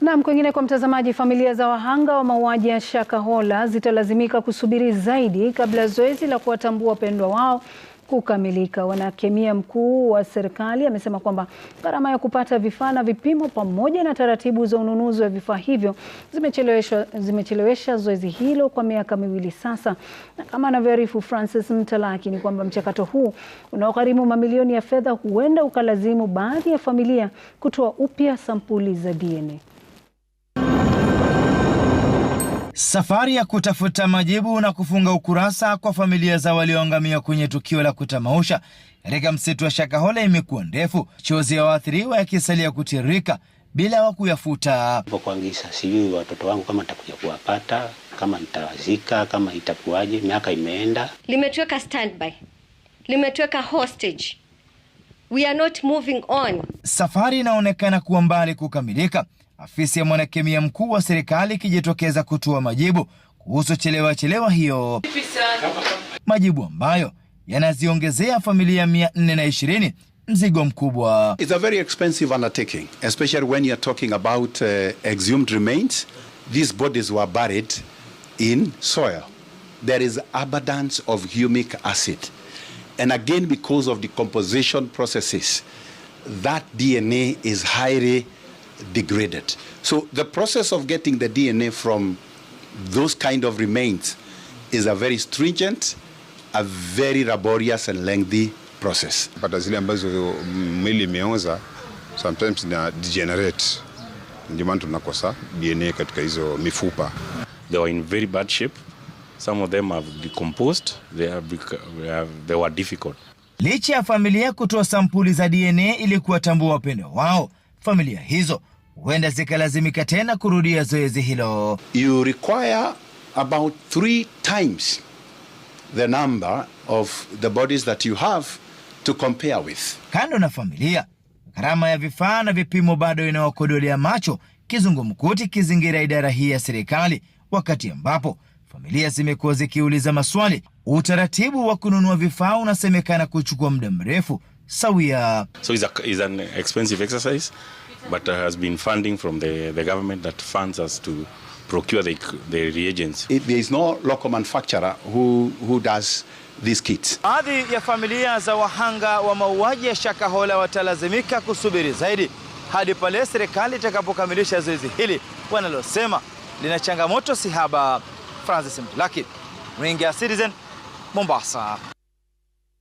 Naam, kwengine kwa mtazamaji, familia za wahanga wa mauaji ya Shakahola zitalazimika kusubiri zaidi kabla zoezi la kuwatambua wapendwa wao kukamilika. Wanakemia mkuu wa serikali amesema kwamba gharama ya kupata vifaa na vipimo pamoja na taratibu za ununuzi wa vifaa hivyo zimechelewesha zimechelewesha zoezi hilo kwa miaka miwili sasa, na kama anavyoarifu Francis Mtalaki ni kwamba mchakato huu unaogharimu mamilioni ya fedha huenda ukalazimu baadhi ya familia kutoa upya sampuli za DNA. Safari ya kutafuta majibu na kufunga ukurasa kwa familia za walioangamia kwenye tukio la kutamausha katika msitu wa Shakahola imekuwa ndefu, chozi ya waathiriwa yakisalia kutiririka bila wa kuyafuta. Kuangisa sijui watoto wangu kama nitakuja kuwapata, kama nitawazika, kama itakuwaje. Miaka imeenda, limetweka standby, limetweka hostage. We are not moving on. Safari inaonekana kuwa mbali kukamilika, afisi ya mwanakemia mkuu wa serikali ikijitokeza kutoa majibu kuhusu chelewa chelewa hiyo, majibu ambayo yanaziongezea familia 420 mzigo mkubwa. It's a very expensive undertaking, especially when you're talking about uh, exhumed remains. These bodies were buried in soil. There is abundance of humic acid. And again, because of the composition processes, that DNA is highly degraded. So the process of getting the DNA from those kind of remains is a very stringent, a very laborious and lengthy process. Pata zile ambazo mwili imeoza sometimes they degenerate, ndio maana DNA katika hizo mifupa. They were in very bad shape. Some of them have decomposed. They, have, they have, they were difficult. Licha ya familia kutoa sampuli za DNA ili kuwatambua wapendwa wao, familia hizo huenda zikalazimika tena kurudia zoezi hilo. You require about three times the number of the bodies that you have to compare with. Kando na familia, gharama ya vifaa na vipimo bado inawakodolea macho kizungumkuti kizingira idara hii ya serikali wakati ambapo familia zimekuwa zikiuliza maswali. Utaratibu wa kununua vifaa unasemekana kuchukua muda mrefu sawia. So it's a, it's an expensive exercise but has been funding from the, the government that funds us to procure the, the reagents. It, there is no local manufacturer who, who does Baadhi ya familia za wahanga wa mauaji ya Shakahola watalazimika kusubiri zaidi hadi pale serikali itakapokamilisha zoezi hili wanalosema lina changamoto si haba. Francis Mdlaki, Ringa Citizen, Mombasa.